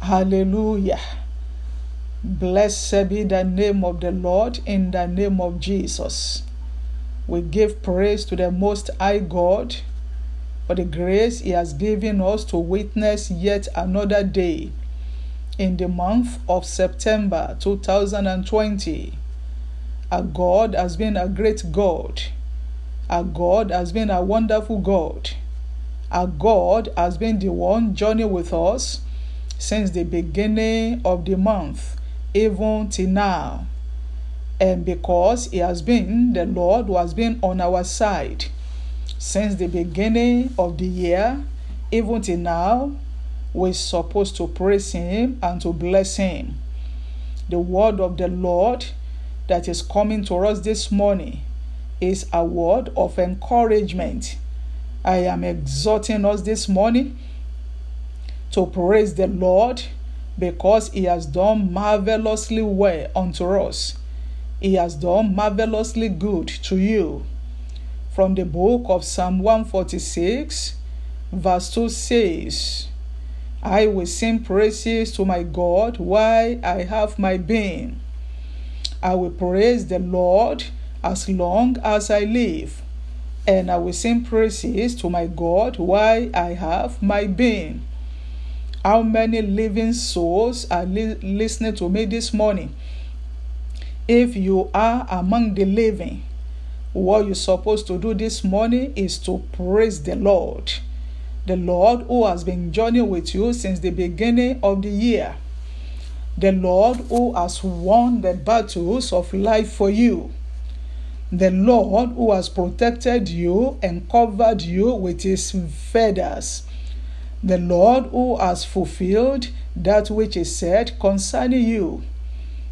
Hallelujah. Blessed be the name of the Lord in the name of Jesus. We give praise to the Most High God for the grace He has given us to witness yet another day in the month of September 2020. Our God has been a great God. Our God has been a wonderful God. Our God has been the one journey with us since the beginning of the month, even till now. And because He has been, the Lord who has been on our side since the beginning of the year, even till now, we're supposed to praise Him and to bless Him. The word of the Lord that is coming to us this morning is a word of encouragement. I am exhorting us this morning to praise the Lord because he has done marvelously well unto us. He has done marvelously good to you. From the book of Psalm 146, verse 2 says, I will sing praises to my God while I have my being. I will praise the Lord as long as I live, and I will sing praises to my God while I have my being. How many living souls are li- listening to me this morning? If you are among the living, what you're supposed to do this morning is to praise the Lord. The Lord who has been journeying with you since the beginning of the year. The Lord who has won the battles of life for you. The Lord who has protected you and covered you with his feathers the Lord who has fulfilled that which is said concerning you.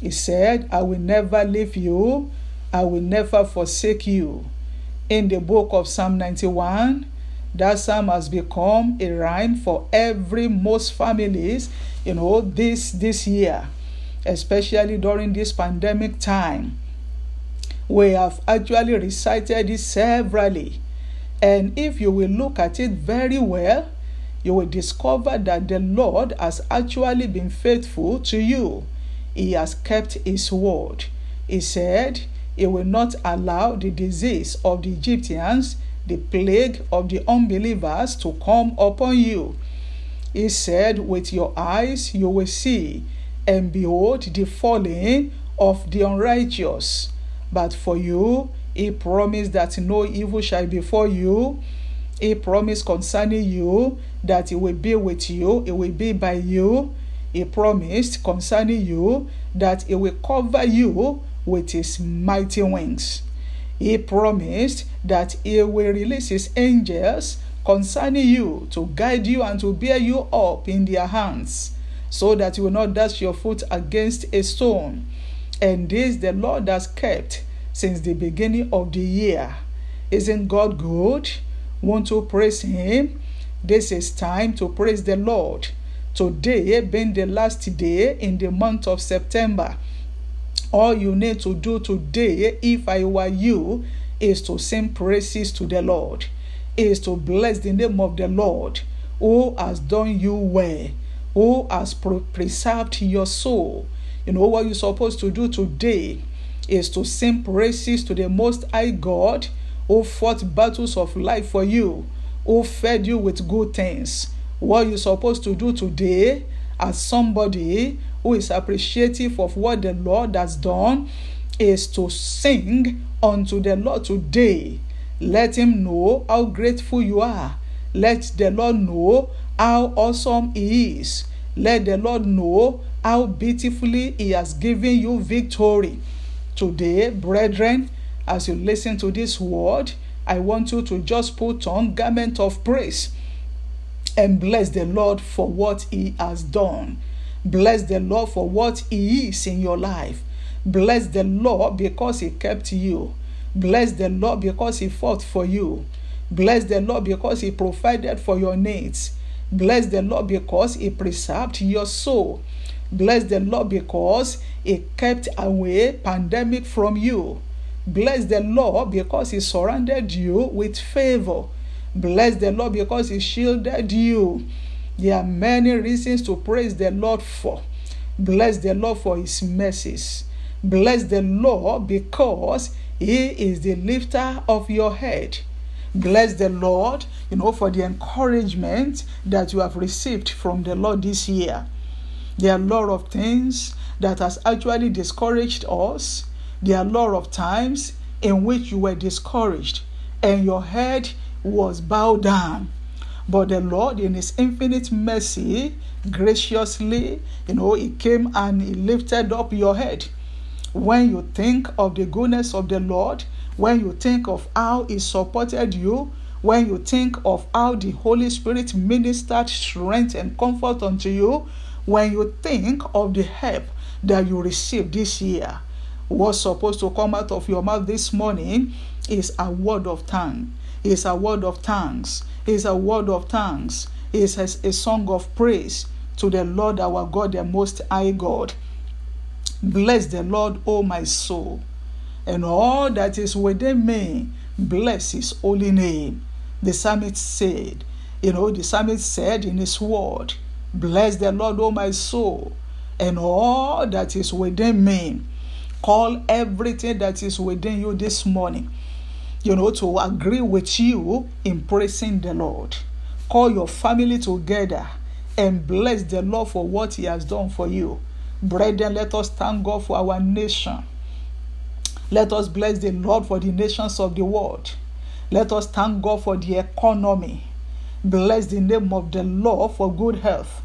He said, I will never leave you, I will never forsake you. In the book of Psalm 91, that psalm has become a rhyme for every most families, you know, this this year, especially during this pandemic time. We have actually recited it severally. And if you will look at it very well, you will discover that the Lord has actually been faithful to you. He has kept his word. He said he will not allow the disease of the Egyptians, the plague of the unbelievers, to come upon you. He said, With your eyes you will see, and behold the falling of the unrighteous. But for you, he promised that no evil shall befall you he promised concerning you that He will be with you, He will be by you. He promised concerning you that He will cover you with His mighty wings. He promised that He will release His angels concerning you to guide you and to bear you up in their hands, so that you will not dash your foot against a stone. And this the Lord has kept since the beginning of the year. Isn't God good? want to praise Him, this is time to praise the Lord. Today, being the last day in the month of September, all you need to do today, if I were you, is to sing praises to the Lord, is to bless the name of the Lord who has done you well, who has preserved your soul. You know what you're supposed to do today is to sing praises to the Most High God who fought battles of life for you, who fed you with good things. What you're supposed to do today as somebody who is appreciative of what the Lord has done is to sing unto the Lord today. Let Him know how grateful you are. Let the Lord know how awesome He is. Let the Lord know how beautifully He has given you victory. Today, brethren, as you listen to this word, I want you to just put on garment of praise and bless the Lord for what he has done. Bless the Lord for what he is in your life. Bless the Lord because he kept you. Bless the Lord because he fought for you. Bless the Lord because he provided for your needs. Bless the Lord because He preserved your soul. Bless the Lord because He kept away pandemic from you. Bless the Lord because He surrounded you with favor. Bless the Lord because He shielded you. There are many reasons to praise the Lord for. Bless the Lord for His mercies. Bless the Lord because He is the lifter of your head. Bless the Lord, you know, for the encouragement that you have received from the Lord this year. There are a lot of things that has actually discouraged us there are a lot of times in which you were discouraged and your head was bowed down. But the Lord, in His infinite mercy, graciously, you know, He came and He lifted up your head. When you think of the goodness of the Lord, when you think of how He supported you, when you think of how the Holy Spirit ministered strength and comfort unto you, when you think of the help that you received this year, what's supposed to come out of your mouth this morning is a word of thanks. Is a word of thanks. Is a word of thanks. Is a, a song of praise to the Lord our God, the Most High God. Bless the Lord, O my soul, and all that is within me. Bless His holy name. The psalmist said, you know, the psalmist said in his word, Bless the Lord, O my soul, and all that is within me call everything that is within you this morning, you know, to agree with you in praising the Lord. Call your family together and bless the Lord for what He has done for you. Brethren, let us thank God for our nation. Let us bless the Lord for the nations of the world. Let us thank God for the economy. Bless the name of the Lord for good health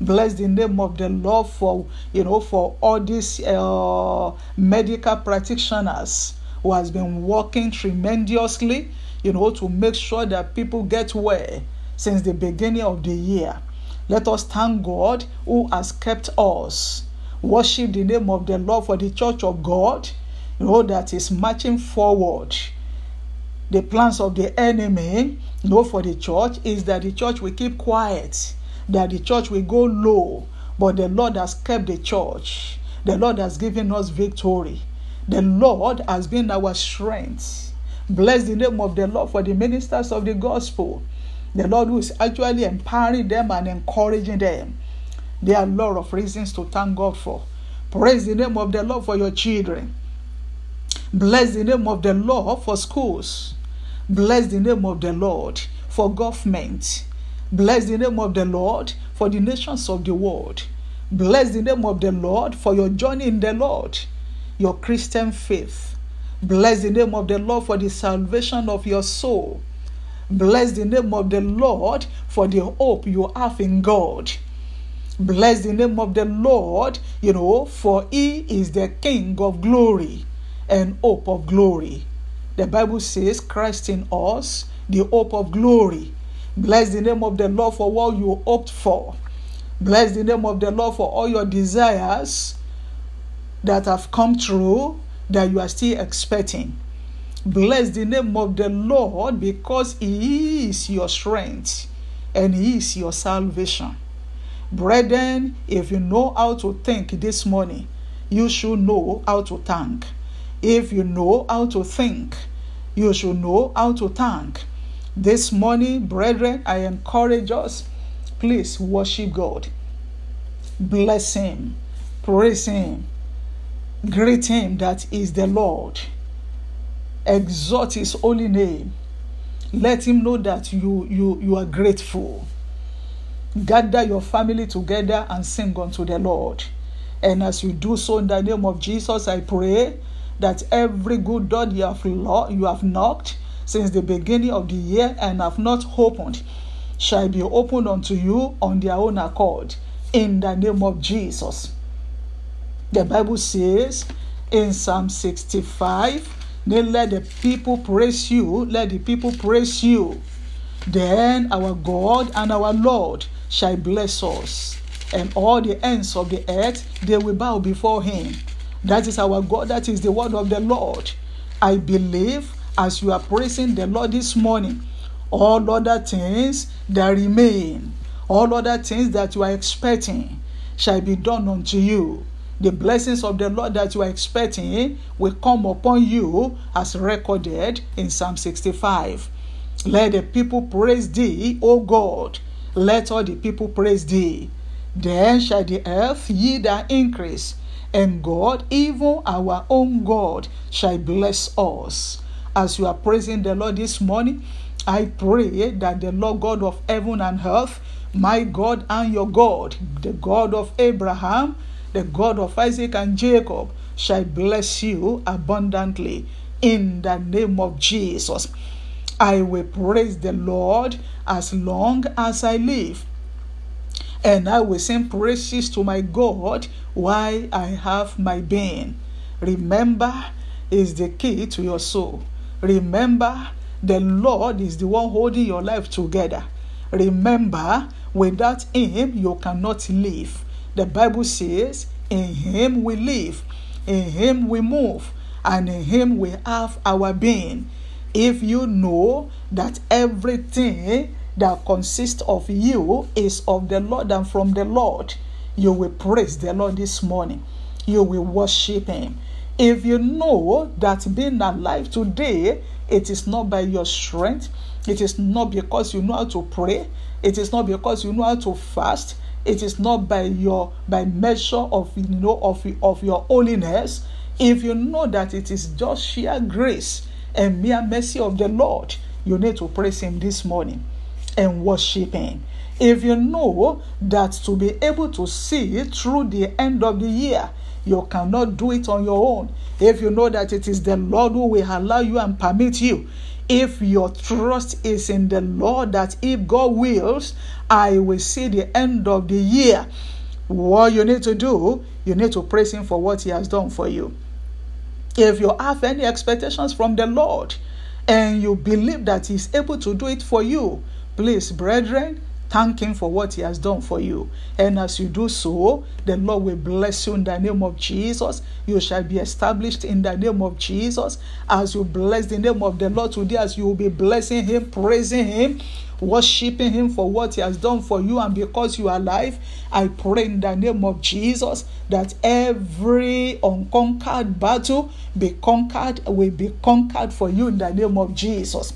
bless the name of the lord for you know for all these uh, medical practitioners who has been working tremendously you know to make sure that people get well since the beginning of the year let us thank god who has kept us worship the name of the lord for the church of god you know that is marching forward the plans of the enemy you know for the church is that the church will keep quiet that the church will go low, but the Lord has kept the church. The Lord has given us victory. The Lord has been our strength. Bless the name of the Lord for the ministers of the gospel. The Lord who is actually empowering them and encouraging them. There are a lot of reasons to thank God for. Praise the name of the Lord for your children. Bless the name of the Lord for schools. Bless the name of the Lord for government. Bless the name of the Lord for the nations of the world. Bless the name of the Lord for your journey in the Lord, your Christian faith. Bless the name of the Lord for the salvation of your soul. Bless the name of the Lord for the hope you have in God. Bless the name of the Lord, you know, for he is the King of glory and hope of glory. The Bible says, Christ in us, the hope of glory. Bless the name of the Lord for what you hoped for. Bless the name of the Lord for all your desires that have come true that you are still expecting. Bless the name of the Lord because He is your strength and He is your salvation. Brethren, if you know how to think this morning, you should know how to thank. If you know how to think, you should know how to thank. This morning, brethren, I encourage us please worship God, bless Him, praise Him, greet Him that is the Lord, exalt His holy name. Let Him know that you, you, you are grateful. Gather your family together and sing unto the Lord. And as you do so in the name of Jesus, I pray that every good door you have, lo- you have knocked, since the beginning of the year and have not opened shall be opened unto you on their own accord in the name of Jesus. The Bible says in Psalm 65, then let the people praise you, let the people praise you. Then our God and our Lord shall bless us, and all the ends of the earth they will bow before him. That is our God, that is the word of the Lord. I believe as you are praising the Lord this morning, all other things that remain, all other things that you are expecting shall be done unto you. The blessings of the Lord that you are expecting will come upon you as recorded in Psalm 65. Let the people praise thee, O God. Let all the people praise thee. Then shall the earth yield and increase, and God, even our own God, shall bless us as you are praising the Lord this morning, I pray eh, that the Lord God of heaven and earth, my God and your God, the God of Abraham, the God of Isaac and Jacob, shall bless you abundantly in the name of Jesus. I will praise the Lord as long as I live, and I will sing praises to my God while I have my being. Remember, is the key to your soul. Remember, the Lord is the one holding your life together. Remember, without Him, you cannot live. The Bible says, In Him we live, in Him we move, and in Him we have our being. If you know that everything that consists of you is of the Lord and from the Lord, you will praise the Lord this morning. You will worship Him. If you know that being alive today, it is not by your strength, it is not because you know how to pray, it is not because you know how to fast, it is not by your by measure of you know of, of your holiness. If you know that it is just sheer grace and mere mercy of the Lord, you need to praise Him this morning and worship Him. If you know that to be able to see through the end of the year, you cannot do it on your own. If you know that it is the Lord who will allow you and permit you, if your trust is in the Lord, that if God wills, I will see the end of the year. What you need to do, you need to praise Him for what He has done for you. If you have any expectations from the Lord and you believe that He's able to do it for you, please, brethren, Thank Him for what He has done for you. And as you do so, the Lord will bless you in the name of Jesus. You shall be established in the name of Jesus. As you bless the name of the Lord today, as you will be blessing Him, praising Him, worshiping Him for what He has done for you, and because you are alive, I pray in the name of Jesus that every unconquered battle be conquered, will be conquered for you in the name of Jesus.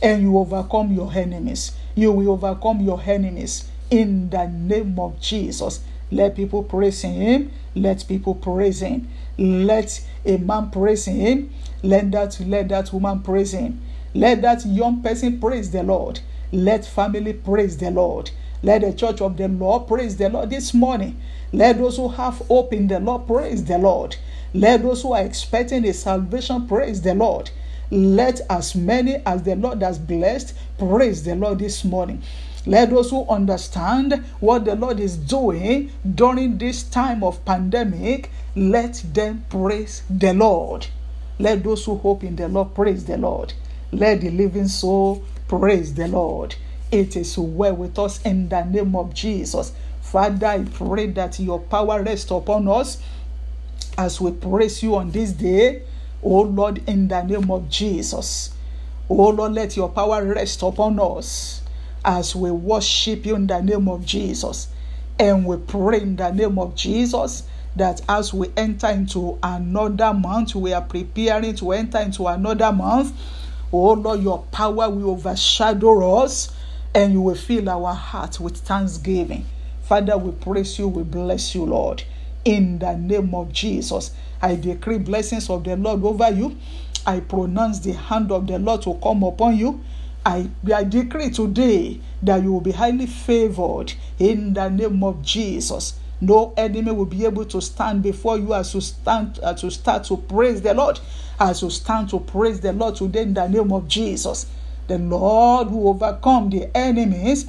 And you overcome your enemies. You will overcome your enemies in the name of Jesus. Let people praise Him. Let people praise Him. Let a man praise Him. Let that, let that woman praise Him. Let that young person praise the Lord. Let family praise the Lord. Let the church of the Lord praise the Lord this morning. Let those who have hope in the Lord praise the Lord. Let those who are expecting a salvation praise the Lord. Let as many as the Lord has blessed praise the Lord this morning. Let those who understand what the Lord is doing during this time of pandemic, let them praise the Lord. Let those who hope in the Lord praise the Lord. Let the living soul praise the Lord. It is well with us in the name of Jesus. Father, I pray that your power rests upon us as we praise you on this day. Oh Lord, in the name of Jesus. Oh Lord, let your power rest upon us as we worship you in the name of Jesus. And we pray in the name of Jesus that as we enter into another month, we are preparing to enter into another month. Oh Lord, your power will overshadow us and you will fill our heart with thanksgiving. Father, we praise you, we bless you, Lord in the name of Jesus. I decree blessings of the Lord over you. I pronounce the hand of the Lord to come upon you. I, I decree today that you will be highly favored in the name of Jesus. No enemy will be able to stand before you as you stand to start to praise the Lord, as you stand to praise the Lord today in the name of Jesus. The Lord will overcome the enemies.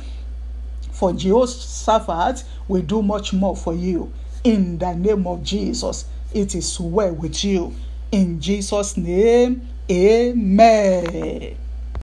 For Jehoshaphat will do much more for you in the name of Jesus. It is well with you. In Jesus' name, amen.